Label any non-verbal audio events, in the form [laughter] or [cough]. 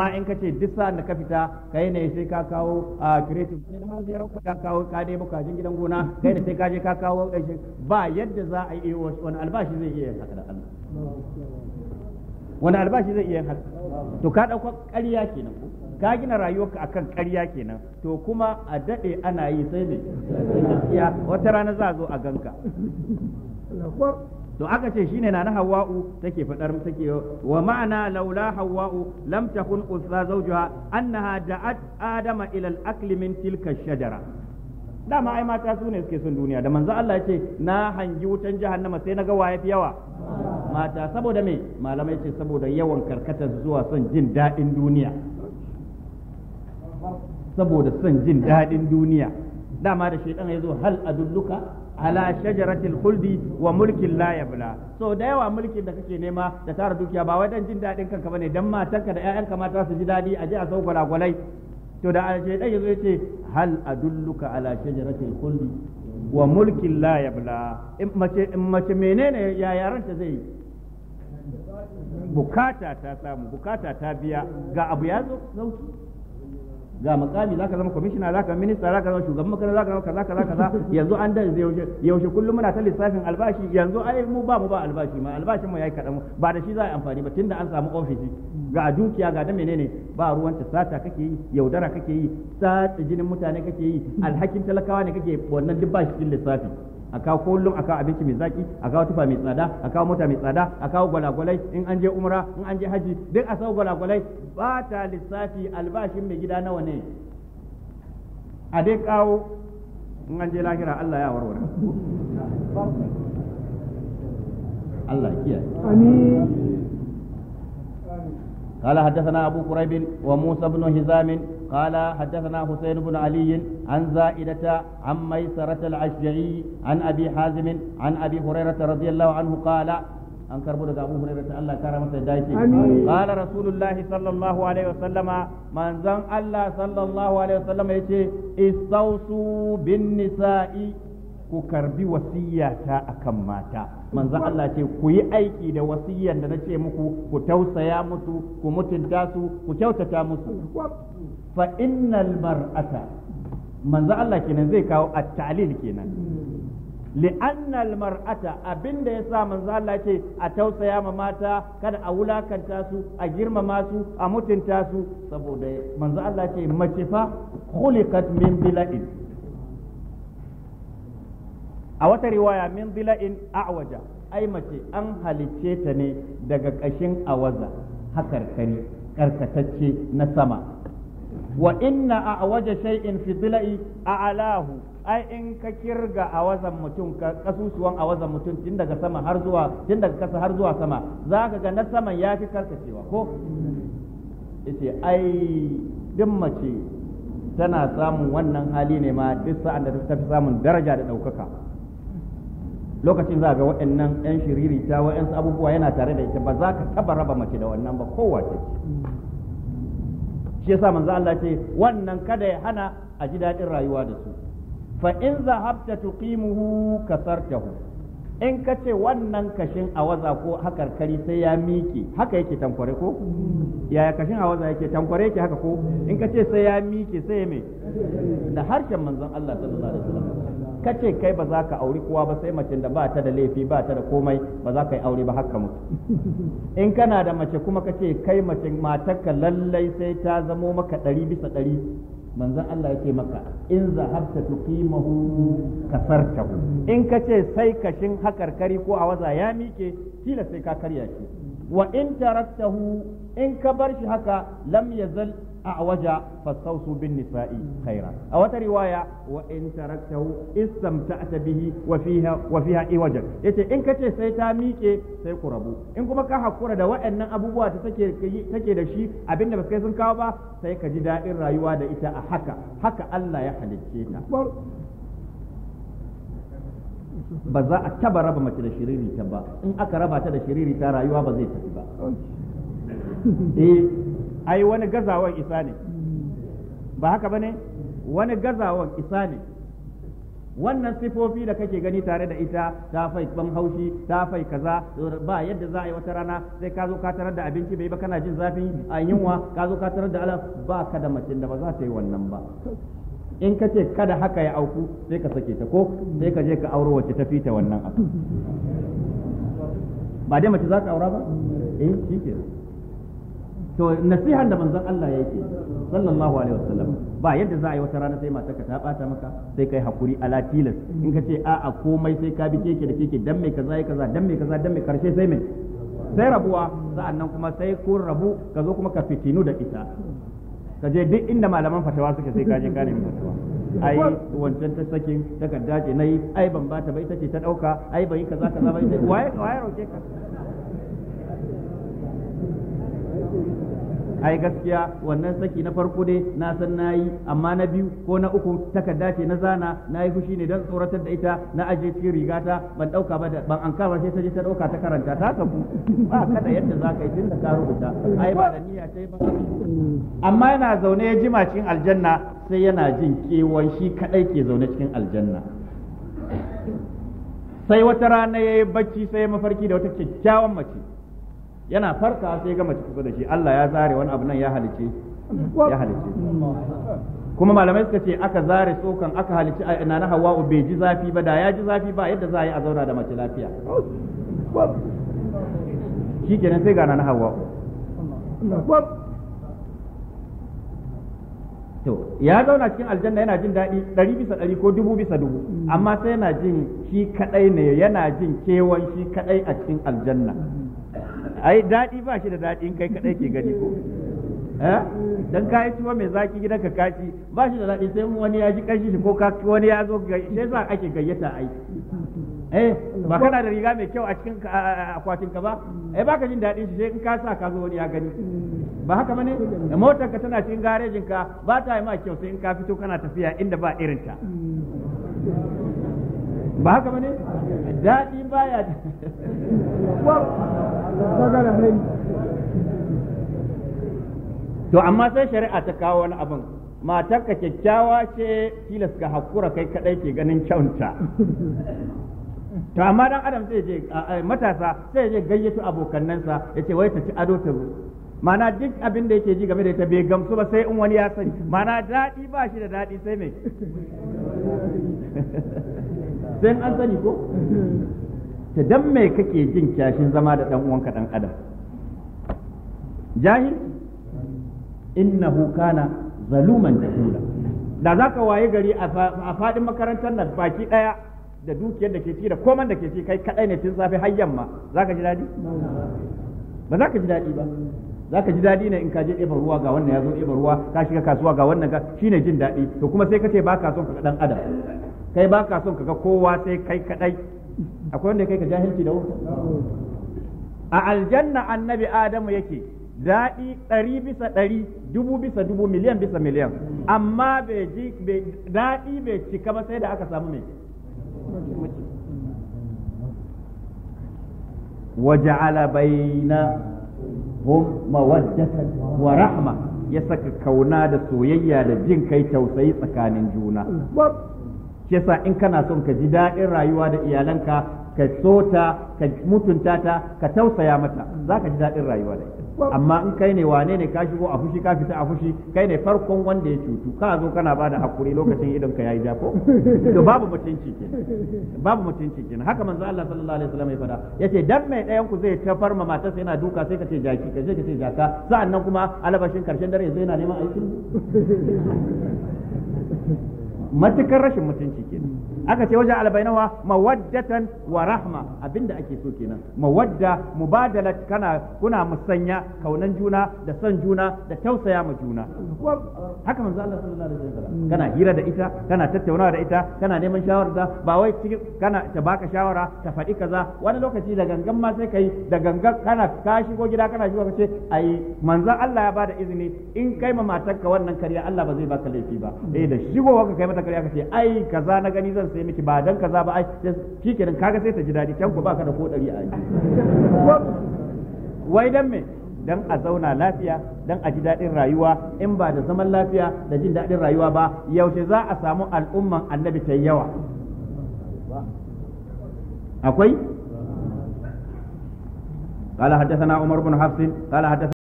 amma in ka ce duk sa'an da ka fita kai ne sai ka kawo a kiretin ne ma zai rauka ka kawo ka dai bukajin gidan gona kai ne sai ka je ka kawo ba yadda za a yi wani albashi zai iya yin haka da Allah wani albashi zai iya yin haka to ka ɗauka ƙarya kenan ko ka gina rayuwarka akan ƙarya kenan to kuma a dade ana yi sai ne wata rana za a zo a ganka to aka ce shine na na hawa'u take fadar take wa ma'ana laula hawa'u lam takun usra zawjuha annaha da'at adama ila al-akli min tilka shajara dama ai mata su ne suke son duniya da manzo Allah ya na hangi wutan jahannama sai na ga waye fi yawa mata saboda me malamai ce saboda yawan karkata zuwa son jin daɗin duniya saboda son jin daɗin duniya dama da shedan ya zo hal adulluka ala shajaratil khuldi wa mulkin la yabla so da yawa mulkin da kake nema da tara dukiya ba wai dan jin dadin kanka bane dan matanka da ƴaƴanka mata su ji dadi a je a sau gwalagwalai to da aje yazo yace hal adulluka ala shajaratil khuldi wa mulkin la yabla in mace in mace menene ya yaranta zai bukata ta samu bukata ta biya ga abu ya zo sauki ga makami zaka zama kwamishina zaka minista zaka zama shugaban makaranta zaka zama kaza kaza kaza yanzu an da yaushe kullum muna ta lissafin albashi yanzu ai mu ba mu ba albashi ma albashin mu yayi kadan ba da shi za a amfani ba tunda an samu ofishi ga dukiya ga da menene ba ruwan ta sata kake yi yaudara kake yi sata jinin mutane kake yi alhakin talakawa ne kake wannan duk ba shi lissafi a kawo kullum a kawo abinci mai zaki a kawo tufa mai tsada a kawo mota mai tsada a kawo gwalagwalai in an je umra in an je haji duk a sau gwalagwalai ba ta lissafi albashin mai gida nawa ne a dai kawo in an je lahira Allah ya warware Allah kiya amin قال حدثنا ابو قريب وموسى بن هزام قال حدثنا حسين بن علي عن زائدة عن ميسرة العشجعي عن أبي حازم عن أبي هريرة رضي الله عنه قال an karbo daga abu hurairar ta Allah kara masa dace qala rasulullah sallallahu alaihi wasallam manzon Allah sallallahu alaihi wasallam yace istausu bin nisa'i ku karbi wasiyata akan mata manzo Allah ce ku yi aiki da wasiyyan da nace muku ku tausaya musu ku mutunta su ku kyautata musu fa innal mar'ata manzo Allah kenan zai kawo at-ta'lil kenan لأن المرأة أبن ده يسا من ذا أتوسى يا مماتا كان أولا كان تاسو أجرم ماسو أموتن تاسو سبو ده من ذا الله مجفا خلقت من بلئ a wata riwaya min dila'in a'waja ai mace an halicce ta ne daga ƙashin awaza hakarkari karkatacce na sama wa inna a'waja shay'in fi dila'i a'lahu ai in ka kirga a wazan mutum ka kasusuwan a wazan mutum tun daga sama har zuwa tun daga kasa har zuwa sama za ka ga na saman ya fi karkacewa ko ita ai duk mace tana samun wannan hali ne ma duk sa'an da ta fi samun daraja da ɗaukaka lokacin za a ga waɗannan yan shiririta waɗansu abubuwa yana tare da ita ba za ka taba raba mace da wannan ba kowace shi yasa manzo Allah ce wannan kada ya hana a ji daɗin rayuwa da su fa in zahabta tuqimuhu kasartahu in ka ce wannan kashin awaza ko kari sai ya miƙe haka yake tankware ko yaya kashin awaza yake tankware yake haka ko in ka ce sai ya miƙe sai ya me da harshen manzon Allah sallallahu alaihi wasallam ka ce kai ba za ka auri kowa ba sai mace da ba ta da laifi ba ta da komai ba za ka yi aure ba haka mutu [laughs] in kana da mace kuma ka ce kai mace matarka lallai sai ta zamo maka ɗari bisa ɗari manzon Allah yake maka in za zahabta tuqimahu kasartahu in ka ce sai kashin hakarkari ko a waza ya mike kila sai ka karya shi wa in taraktahu in ka bar shi haka lam yazal A'a a'waja fastawsu bin nisa'i kaira a wata riwaya wa in taraktahu istamta'ta bihi wa fiha wa fiha iwajan yace in kace sai ta miƙe sai ku rabu in kuma ka hakura da waɗannan abubuwa ta take take da shi abinda ba kai sun kawo ba sai ka ji daɗin rayuwa da ita a haka haka Allah ya halicce ta ba za a taba raba mace da shiririta ba in aka raba ta da shiririta rayuwa ba zai tafi ba eh ai wani gazawan isa ne ba haka bane wani gazawan isa ne wannan sifofi da kake gani tare da ita ta fai ban haushi ta fai kaza ba yadda za a yi wata rana sai ka zo ka tarar da abinci bai ba kana jin zafin a yunwa ka zo ka tarar da ala ba ka da macin da ba za ta yi wannan ba in ka ce kada haka ya auku sai ka sake ta ko sai ka je ka auro wacce ta fita wannan abu ba dai mace za ka aura ba eh shi to nasihan da manzon Allah yake sallallahu alaihi wasallam ba yadda za a yi wata rana sai ka ta bata maka sai kai hakuri ala tilas in ka ce a'a komai sai ka bi keke da keke dan mai kaza kaza dan mai kaza dan mai karshe sai mai sai rabuwa sa'annan kuma sai ko rabu ka zo kuma ka fitinu da ita ka je duk inda malaman fatawa suke sai ka je ka nemi fatawa ai wancan ta sakin takarda ce nayi ai ban bata ba ita ce ta dauka ai ban yi kaza kaza ba ita waye waye roke ka ai gaskiya wannan saki na farko dai na san nayi amma na biyu ko na uku takarda ce na zana nayi fushi ne dan tsoratar da ita na aje cikin rigata ban dauka ba ban an kama sai ta je ta dauka ta karanta ta kafu ba kada yadda za ka yi tunda ka rubuta ai ba da niyya sai ba amma yana zaune ya jima cikin aljanna sai yana jin kewan shi kadai ke zaune cikin aljanna sai wata rana ya yi bacci sai mafarki da wata kyakkyawan mace yana farka sai gama mace kusa da shi Allah ya zare wani abu nan ya halice ya halice kuma malamai suka ce aka zare tsokan aka halice a ina na hawa bai ji zafi ba da ya ji zafi ba yadda za a yi a zauna da mace lafiya shi kenan sai gana na hawa to ya zauna cikin aljanna yana jin daɗi ɗari bisa ɗari ko dubu bisa dubu amma sai yana jin shi kaɗai ne yana jin kewan shi kaɗai a cikin aljanna ai daɗi ba shi da daɗi in kai kaɗai ke gani ko eh? dan ka yi tuwa mai zaki gidan ka kaci ba shi da daɗi sai wani ya ji kashi shi ko wani ya zo sai za ake gayyata ai eh ba kana da riga mai kyau a cikin akwatin ka ba eh baka jin daɗin shi sai in ka sa ka zo wani ya gani ba haka bane motar ka tana cikin garejin ka ba ta yi ma kyau sai in ka fito kana tafiya inda ba irin ta ba haka bane daɗi baya [laughs] to amma sai shari'a ta kawo wani abin matarka kyakkyawa ce tilas ga hakura kai kadai ke ganin kyauta to amma dan adam zai je matasa sai je gayyato abokannansa yace wai ta ci ado ta mana duk abin da yake ji game da ita bai gamsu ba sai in wani ya sani mana daɗi ba shi da daɗi sai mai [laughs] sai an sani ko ta dan mai kake jin kyashin zama da dan uwanka dan adam jahil innahu kana zaluman jahula da zaka waye gari a fadin makarantar nan baki daya da dukiyar da ke ci da koman da ke ci kai kadai ne tun safe har yamma zaka ji dadi ba zaka ji dadi ba zaka ji dadi ne in ka je ɗeba ruwa ga wannan ya zo ɗeba ruwa ka shiga kasuwa ga wannan ka shine jin dadi to kuma sai ka ce son ka dan adam kai baka ka son ka ga kowa sai kai kadai akwai wanda kai ka jahilci da wuta a aljanna annabi adamu yake daɗi ɗari bisa ɗari dubu bisa dubu miliyan bisa miliyan amma bai ji daɗi bai cika ba sai da aka samu mai Waje baina hum mawaddatan wa rahma ya saka kauna da soyayya da jin kai tausayi tsakanin juna shi yasa in kana son ka ji daɗin rayuwa da iyalanka ka so ta ka mutunta ta ka tausaya mata za ka ji daɗin rayuwa da ita amma in kai ne wane ne ka shigo a fushi ka fita a fushi kai ne farkon wanda ya cutu ka zo kana bada hakuri lokacin idon ka yayi jafo [laughs] to babu mutunci kenan babu mutunci kenan haka manzo Allah sallallahu alaihi wasallam ya fada yace dan mai ɗayan ku zai tafar ma matarsa yana duka sai ka ce jaki ka je ka ce jaka sa'annan kuma alabashin karshen dare zai yana neman aiki [laughs] matukar rashin mutunci kenan aka ce wajen albainawa mawaddatan wa rahma abinda ake so kenan mawadda mubadala kana kuna musanya kaunan juna da son juna da tausaya ma juna haka manzo Allah sallallahu alaihi wasallam kana hira da ita kana tattaunawa da ita kana neman shawara da ba wai kana ta baka shawara ta faɗi kaza wani lokaci da gangan ma sai kai da gangan kana ka shigo gida kana shigo ka ce ai manzo Allah ya bada izini in kai ma matarka wannan kariya Allah ba zai baka laifi ba eh da shigowa ka kai mata masa kare aka ce ai kaza na gani zan sai miki ba dan kaza ba ai shikenan kaga sai ta ji dadi kyan ku baka da ko dari a [laughs] wai dan me dan a zauna lafiya dan a ji daɗin rayuwa in ba da zaman lafiya da jin daɗin rayuwa ba yaushe za a samu al'umman annabi ta yawa akwai قال حدثنا عمر بن حفص قال حدثنا